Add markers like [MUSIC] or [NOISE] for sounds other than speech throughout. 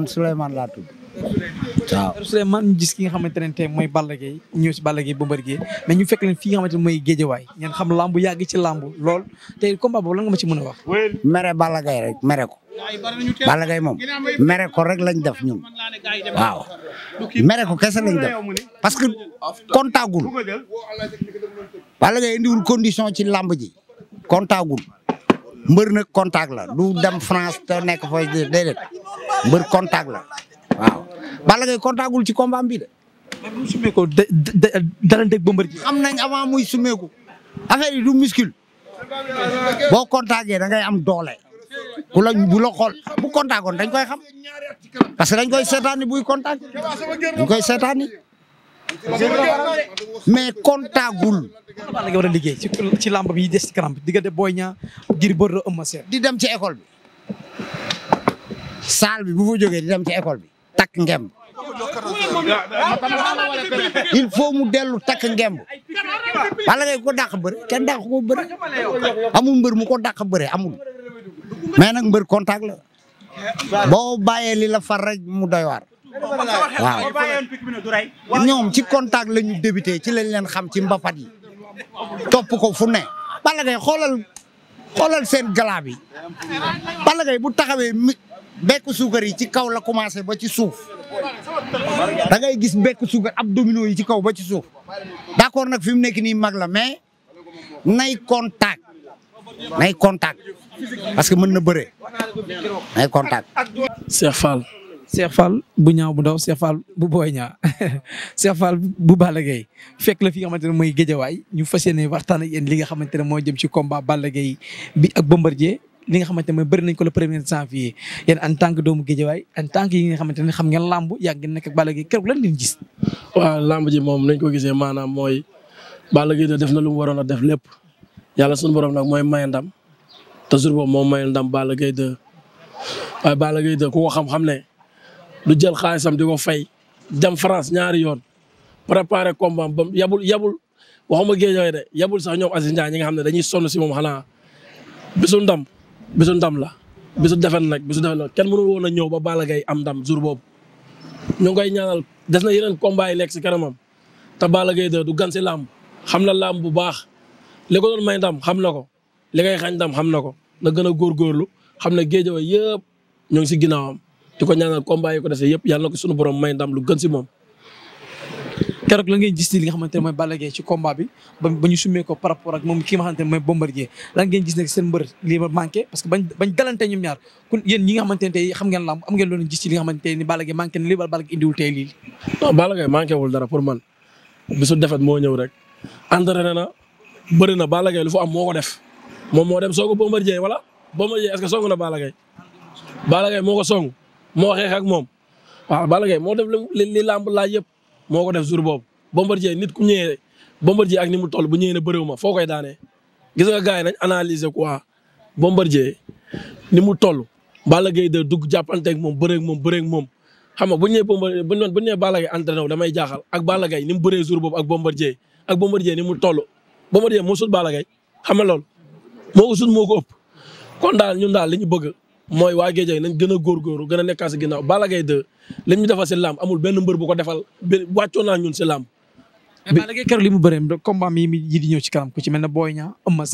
man Souleymane laa tudd. waaw Souleymane ñu gis ki nga xamante ne tey mooy Balla Gaye ñëw si Balla Gaye Bombardier mais ñu fekk leen fi nga xamante ne mooy géejewaay ngeen xam lambu yàgg ci lambu lool tey combat boobu lan nga ma ci mën a wax. mere Balla Gaye rek mere ko. Balla Gaye moom mere ko rek lañ def ñun waaw mere ko kese lañ def parce que kontagul Balla Gaye indiwul condition ci làmb ji kontagul mbër nag du dem France te nekk fooy déedéet mbër contact la waaw. Balla Gaye contactul ci combat bi de. mais bu sumeekoo nañ avant muy sumeeku affaire yi du muscule boo contactee da ngay am doole ku la bu la xool bu contactoon dañ koy xam parce que dañ koy seetaani buy contact dañ koy seetaani mais contactul. Balla Gaye liggéey ci ci làmb bi des ci kanam diggante Boy Niang ngir bëri la ëmb di dem ci école bi. saal bi bu fa jógee di dem ci école bi takk ngemb il faut mu dellu takk ngemb Balla ko dàq bëre kenn dàq ko bëre amul mbër mu ko dàq bëre amul mais nag mbër contact la boo bàyyee li la far mu doy waaw ñoom ci contact la ñu débuté ci lañ leen xam ci mbapat yi topp ko fu ne Balla Gaye xoolal seen galaa bi Balla Gaye bu bekk suukar yi ci kaw la commencé ba ci suuf da ngay gis bekk suukar ab domino yi ci kaw ba ci suuf d'accord nag fi mu nekk nii mag la mais nay kontak nay contact parce que mën na bëre nay contact. Cheikh Fall Cheikh bu ñaaw bu daw Cheikh Fall bu booy ñaa [LAUGHS] Cheikh Fall bu Balla fekk la fi nga xamante ne mooy géejawaay ñu fas yéene waxtaan ak yéen li nga xamante ne mooy jëm ci combat Balla Gaye bi ak Bombardier li nga xamante mooy bëri nañ kolo le premier janvier yéen en tant que doomu Géejawaay en tant que yi nga xamante ne xam ngeen làmb yàgg ngeen nekk ak Balla Gaye keroog lan ngeen gis. làmb ji moom nañ ko gisee maanaam mooy Balla Gaye def na lu mu waroon a def lépp yàlla suñu borom nag mooy maye ndam te jour boobu moom maye ndam bala Gaye de waaye Balla de ku ko xam-xam ne du jël xaalisam di ko fay dem France ñaari yoon préparer combat bam yabul yabul waxuma Géejawaay de yabul sax ñoom Aziz ñi nga xam ne dañuy sonn si moom xanaa bisu ndam. bisu ndam la bisu defet nag bisu defet la kenn mënul woon a ñëw ba Balla gay am ndam jur boobu ñu ngi koy ñaanal des na yeneen combat lek nekk si kanamam te Balla Gaye de du gan si làmb xam na làmb bu baax li ko doon may ndam xam na ko li ngay xañ ndam xam na ko na gën a góorgóorlu xam ne géejawa yëpp ñoo ngi si ginnaawam di ko ñaanal combat yi ko dese yëpp yàlla na ko sunu borom may ndam lu gën si moom. keroog la ngeen gis ni li nga xamante ne mooy Balla Gaye ci combat bi ba ba ko par rapport ak moom ki nga mooy Bombardier lan ngeen gis nag seen mbër lii ma parce que bañ bañ dalante ñoom ñaar kun yéen ñi nga lamb am na lii wala Balla Gaye indiwul moo moo ko def moom moo dem soogu Bombardier wala Bombardier est-ce que song na Balla Gaye Balla Gaye moo ko song moo xeex ak moom waaw Balla Gaye moo def li lamb laaj yëpp moo ko def jour boobu Bombardier nit ku ñëwee Bombardier ak ni mu toll bu ñëwee ne bëriwu ma foo koy daanee gis nga gars yi nañ analyser quoi Bombardier ni mu toll Balla gay de dugg jàppanteeg moom bëreeg moom bëreeg moom xam nga bu ñu nee Bombardier bu ñu doon bu Balla Gaye entraîné damay jaaxal ak Balla Gaye ni mu bëree jour boobu ak Bombardier ak Bombardier ni mu toll Bombardier moo sut Balla Gaye xam nga loolu moo ko sut moo ko ëpp kon daal ñun daal li ñu bëgg mooy waa Géejawaay nañ gën a góorgóorlu gën a nekkaa si ginnaaw Balla Gaye 2 li ñu defal si làmb amul benn mbër bu ko defal benn naa ñun si lam mais Balla Gaye keroog li mu bëree combat mi yi di ñëw ci kanam ku ci mel ne Boy Niang Eumeu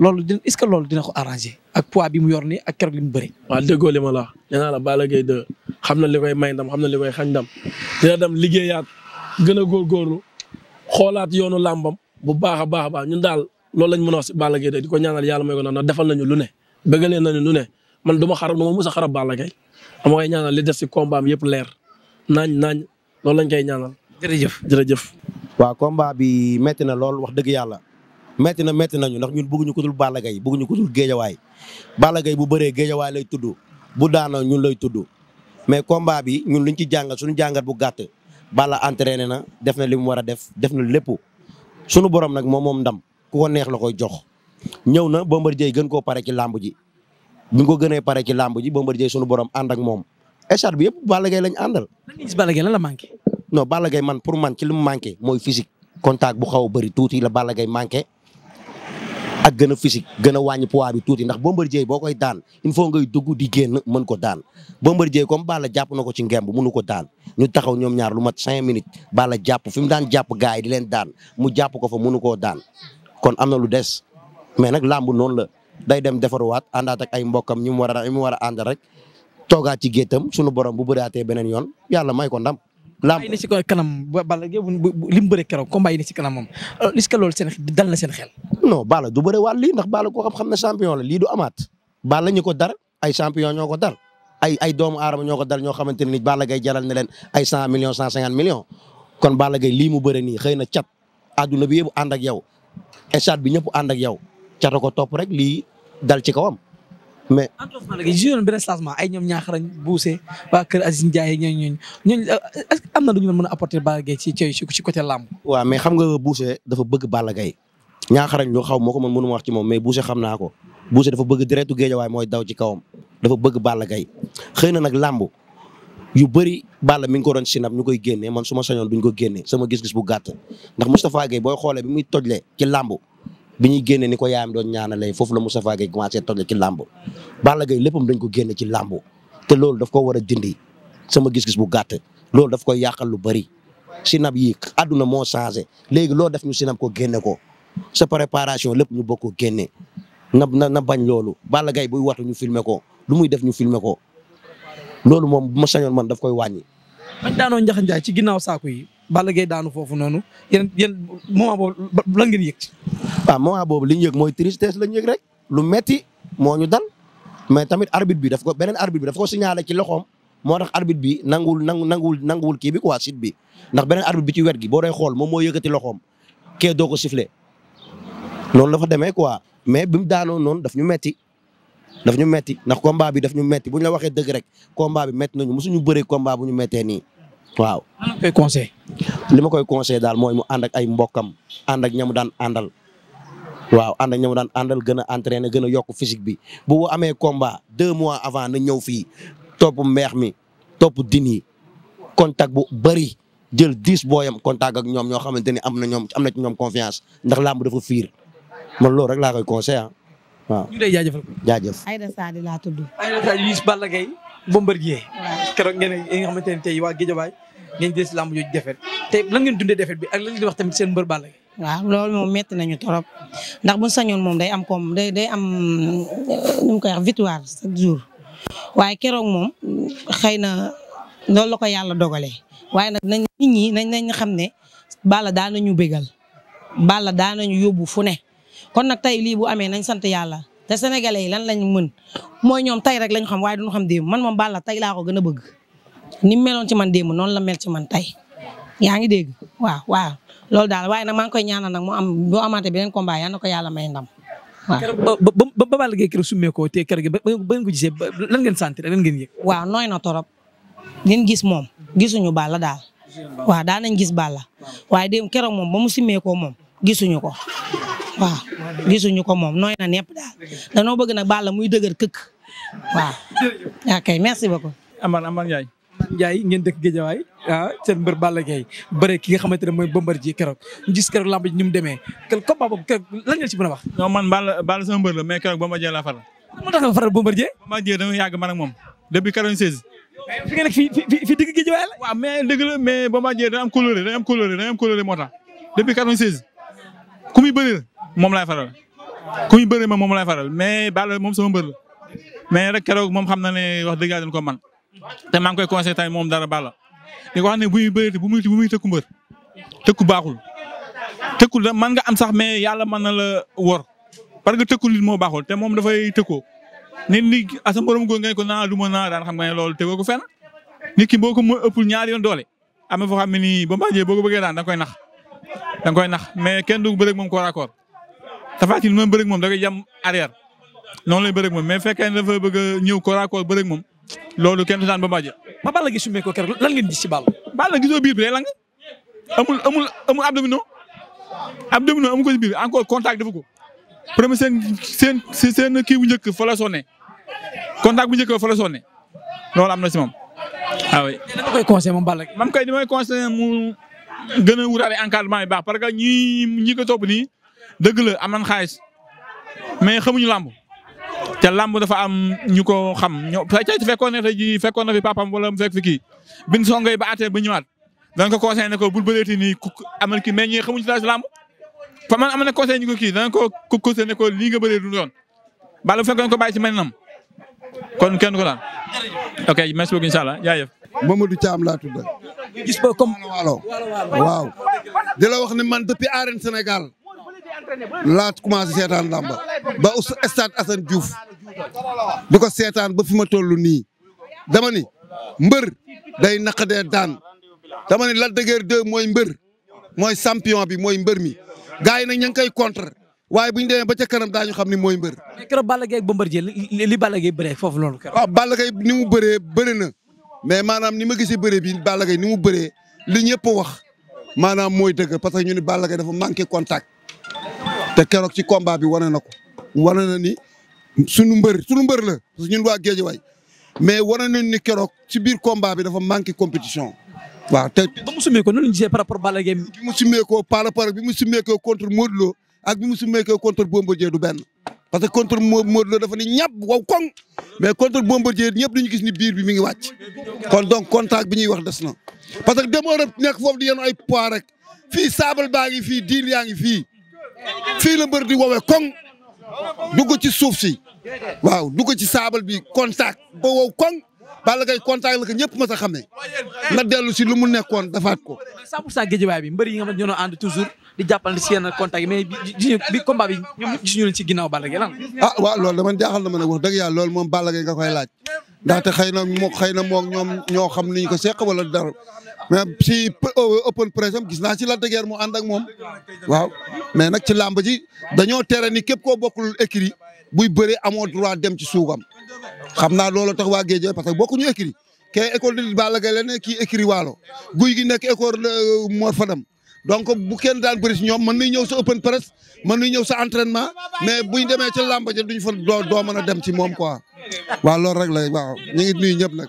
loolu dina est-ce que loolu dina ko arrangé ak poids bi mu yor nii ak keroog li mu bëri. waaw déggoo li ma la wax nee naa la Balla Gaye xam na li koy may ndam xam na li koy xañ ndam dina dem gëna gën a góorgóorlu xoolaat yoonu làmbam bu baax a a baax ñun daal loolu lañ mën a wax si Balla yàlla may ko defal nañu lu ne bëggalee nañu nu ne man du ma xarab du ma mus a xarab Balla Gaye dama koy ñaanal li def si combat am yëpp leer naañ naañ loolu lañ koy ñaanal. jërëjëf jërëjëf. waaw combat bi metti na lool wax dëgg yàlla metti na metti nañu ndax ñun bëgguñu ku dul Balla Gaye bëgguñu ñu dul géejawaay Balla Gaye bu baree géejawaay lay tudd bu daanoo ñun lay tudd mais combat bi ñun luñ ci jàngat suñu jàngat bu gàtt Balla entraîné na def na li mu war a def def na lépp sunu borom nag moom moom ndam ko neex la koy jox. ñëw na Bombardier gën koo pare ci làmb ji bi nga ko gënee pare ci làmb ji Bombardier sunu borom ànd ak moom écharpe bi yëpp Balla Gaye lañ àndal. lan nga gis la manqué. non Balla Gaye man pour man ci lu mu manqué mooy physique contact bu xaw a bëri tuuti la Balla Gaye manqué ak gën a physique gën a wàññi poids bi tuuti ndax Bombardier boo koy daan il faut ngay dugg di génn mën ko daan Bombardier comme Balla jàpp na ko ci ngemb mënu ko daan ñu taxaw ñoom ñaar lu mat cinq minutes Balla jàpp fi mu daan jàpp gars yi di leen daan mu jàpp ko fa mënu koo daan kon am na mais nag làmb noonu la day dem defaruwaat àndaat ak ay mbokkam ñu mu war a ñu mu war a ànd rek toogaat ci géttam sunu borom bu bëraatee beneen yoon yàlla may ko ndam. làmb yi ne si kanam ba Balla li mu bëre keroog combat yi ne si kanam moom euh, est-ce que loolu seen dal na seen xel. non Balla du bëre waat lii ndax Balla ko xam-xam na champion la lii du amaat Balla ñu ko dar ay champion ñoo ko dar. ay ay doomu aadama ñoo ko dal ñoo xamante ne ni Balla Gaye jaral ne leen ay cent millions cent cinquante millions kon Balla Gaye lii mu bëre nii xëy na cat àdduna bi yëpp ànd ak yow état bi ñëpp ànd ak yow cata ko topp rek lii dal ci kawam mais. entraînement léegi ji yoon ay ñoom ñaaxarañ buuse waa kër Aziz Ndiaye ñooñ ñooñ ñooñ euh, est-ce am na lu ñu mën a apporter Balla Gaye ci ci ci côté làmb. waa mais xam nga buuse dafa bëgg Balla Gaye ñaaxarañ lu xaw moo ko mën mënuma wax ci moom mais buuse xam naa ko buuse dafa bëgg deretu waaye mooy daw ci kawam dafa bëgg bala gay xëy na nag làmb yu bëri Balla mi ngi ko doon sinab ñu koy génnee man su ma sañoon duñ ko génnee sama gis-gis bu gàtt ndax Moustapha Gueye booy xoolee bi muy tojlee ci làmb bi ñuy génne ni ko yaayam doon ñaanalee foofu la Moustapha Gueye commencé toll ci làmb Balla Gaye léppam dañ ko génne ci làmb te loolu daf ko war a dindi sama gis-gis bu gàtt loolu daf koy yàqal lu bari bëri sinab yi àdduna moo changé léegi loo def ñu sinab ko génnee ko sa préparation lépp ñu bokk génne na na na bañ loolu Balla Gaye buy watu ñu filmer ko lu muy def ñu filmer ko loolu moom bu ma sañoon man daf koy wàññi. bañ daanoo njax ci ginnaaw saako Balla Gaye daanu foofu noonu yen yéen moment boobu lan ngeen yëg ci. waaw boobu li ñu yëg mooy tristesse la ñu rek lu metti moo ñu dal mais tamit arbitre bi daf ko beneen arbitre bi daf ko signalé ci loxoom moo tax arbitre bi nanguwul nangu nanguwul nanguwul kii bi quoi sit bi ndax beneen arbitre bi ci wet gi boo doy xool moom moo yëkkati loxoom kee doo ko sifflé noonu la fa demee quoi mais bi mu daanoo noonu daf ñu metti daf ñu meti ndax combat bi daf ñu metti bu ñu la waxee dëgg rek combat bi metti nañu mosuñu bëree combat bu ñu mettee nii. waaw. lan koy conseil ma koy conseil daal mooy mu ànd ak ay mbokkam ànd ak ñamu daan àndal. waaw ànd ak ñoom daan àndal gën a entraîner gën a yokk physique bi bu amee combat deux mois avant na ñëw fii topp meex mi topp din yi contact bu bëri jël dix booyam contact ak ñoom ñoo xamante ni am na ñoom am na ñoom confiance ndax làmb dafa fiir man lool rek laa koy conseillé ah waaw. ñu lay jaajëfal jaajëf. Aïda Sadi laa tudd. ngeen jël si lamb jooju defet tey lan ngeen dundee defet bi ak lan ngeen di wax tamit seen mbër waaw loolu moom metti nañu torop ndax buñ sañoon moom day am comme day day am euh, nu mu koy wax victoire chaque jour waaye keroog moom xëy na loolu la ko yàlla dogalee waaye nag nañ nit ñi nañ nañ xam ne Balla daan nañu bégal Balla daan nañu yóbbu fu ne kon nag tey lii bu amee nañ sant yàlla te sénégalais yi lan lañ mën mooy ñoom tey rek lañ xam waaye duñu xam démb man moom Balla tey laa ko gën a bëgg. ni mu meloon ci man démb noonu la mel ci man tey yaa ngi dégg waaw waaw loolu daal waaye nag maa ngi koy ñaanal nag mu am boo amaatee beneen na ko yàlla may ndam waaw. ba ba ba Balla Gaye keroog summee ko te keroog gi ba ba ngeen ko gisee lan ngeen sentir lan nooy na torop ngeen gis moom gisuñu Balla daal waaw daal nañ gis Balla waaye démb keroog moom ba mu summee ko moom gisuñu ko. waaw gisuñu ko moom nooy a nepp daal danoo bëgg nag Balla muy dëgër këkk waaw. ok merci beaucoup. Amar Ndiaye ngeen dëkk Géejawaay ah seen mbër Balla Gaye bëre ki nga xamante ne mooy Bombardier keroog ñu gis keroog lamb ji ni mu demee keroog combat boobu keroog a man Balla Balla sama la mais keroog Bombardier laa faral. moo tax nga faral Bombardier. Bombardier dama yàgg la. faral ku muy bëri moom laay rek keroog moom xam na ne wax dëgg yàlla dañ man te maa ngi koy conseillé moom dara bala di ko wax ne bu muy bëreeti bu muy bu muy tëkku mbër tëkku baaxul nga am sax mais yàlla mën na la wor parce que tëkku nit moo baaxul te moom dafay tëkkoo nit ni asa borom góor nga ne du ma naa daan xam nga ne loolu tëggoo ko fenn nit ki boo ko mën ëppul doole am na foo xam ne nii ba mbaa jee boo ko daan da koy nax da koy nax mais kenn du bëreeg moom corps à corps Tapha da koy jam arrière noonu lay bëreeg moom mais fekkee ne a ñëw corps à corps bëreeg moom loolu kenn du daan Bombardier. ma Balla gi sumee ko lan ngeen gis ci Balla. Balla gisoo biir bi day lang amul amul amu ko ci biir encore contact defu ko. premier seen seen seen kii bu njëkk fa la sonné contact bu njëkk fa loolu am na si moom. waaw ah oui dama koy moom Balla man kay mu gën a wutaale encadrement yi baax parce que ñii ñi ko topp nii dëgg la am nañ xaalis mais xamuñu làmb te làmb dafa am ñu ko xam ñoo tey fekkoon na tey jii fekkoon na fi papam wala mu fekk fi kii bin songay ba àttee ba ñëwaat dana ko conseillé ne ko bul bëreeti nii ku amal ki mais ñi xamuñu ci làmb fa man am ñu ko kii dana ko ko conseillé ne bala fekkoon ko bàyyi ci maninam kon kenn ko daan ok merci beaucoup incha allah jaajëf Mamadou Thiam laa tudd gis ba comme waalo waaw di la wax ne man depuis arène Sénégal laa commencé seetaan làmb ba stade Assane Diouf di ko seetaan ba fi ma toll nii dama ni mbër day naqadee daan dama ni Lac de mooy mbër mooy champion bi mooy mbër mi gars yi nag ña ngi koy contre waaye bu ñu demee ba ca kanam daañu xam ni mooy mbër. mais keroog Balla Gaye ak Bombardier li li Balla Gaye bëree foofu loolu. waaw ah, Balla Gaye ni mu bëree bëri na mais maanaam ni ma gisee bëree bi Balla Gaye ni mu bëree li ñëpp wax maanaam mooy dëgg parce que ñu ni Balla Gaye dafa manqué contact te keroog ci combat bi wane na ko wane na ni. suñu mbër suñu mbër la parce que ñun waa Géejawaay mais waroon nañ ni keroog ci biir combat bi dafa manqué compétition. waaw te ba mu sumee ko noonu ñu par rapport Balla Gaye mu sumee par rapport bi mu sumee ko contre ak bi mu sumee ko contre Bombardier du benn. parce que contre Modou dafa ni ñàpp waw koŋ mais contre Bombardier ñëpp dañu gis ni biir bi mi ngi wàcc. kon donc contact bi ñuy wax des parce que demoo nekk foofu di yenu ay poids dugg ci suuf si waaw dugg ci saabal bi contact ba wow koŋ Balla Gaye contact la ko ñëpp mës a xamee na dellu si lu mu nekkoon dafaat ko. 100 pour cent géejewaay bi mbëri yi nga xam ne ñoo ànd toujours di jàppale si yenn contact yi mais bi bi combat bi ñoom gis ñu ci ginnaaw bala Gaye lan. ah waaw loolu dama jaaxal na ma nag wax dëgg yàlla loolu moom Balla Gaye nga koy laaj ndaxte xëy na moo xëy na moom ñoom ñoo xam ni ñu ko seq wala dara mais si open press am gis naa ci Lac de Guiers mu ànd ak moom waaw mais nag ci làmb ji dañoo tere ni képp koo bokkul écrit buy bëri amoo droit dem ci suugam xam naa loolu tax waa géej parce que bokkuñu écrit kee école de Balla Gaye ne ki écrit waalo guy gi nekk école euh, Mor Fadam donc bu kenn daan bëri si ñoom mën nañ ñëw sa open press mën nañ ñëw sa entraînement mais buy demee ci làmb ja duñ fa doo doo mën a dem ci moom quoi waaw loolu rek la waaw ñu ngi nuyu ñëpp nag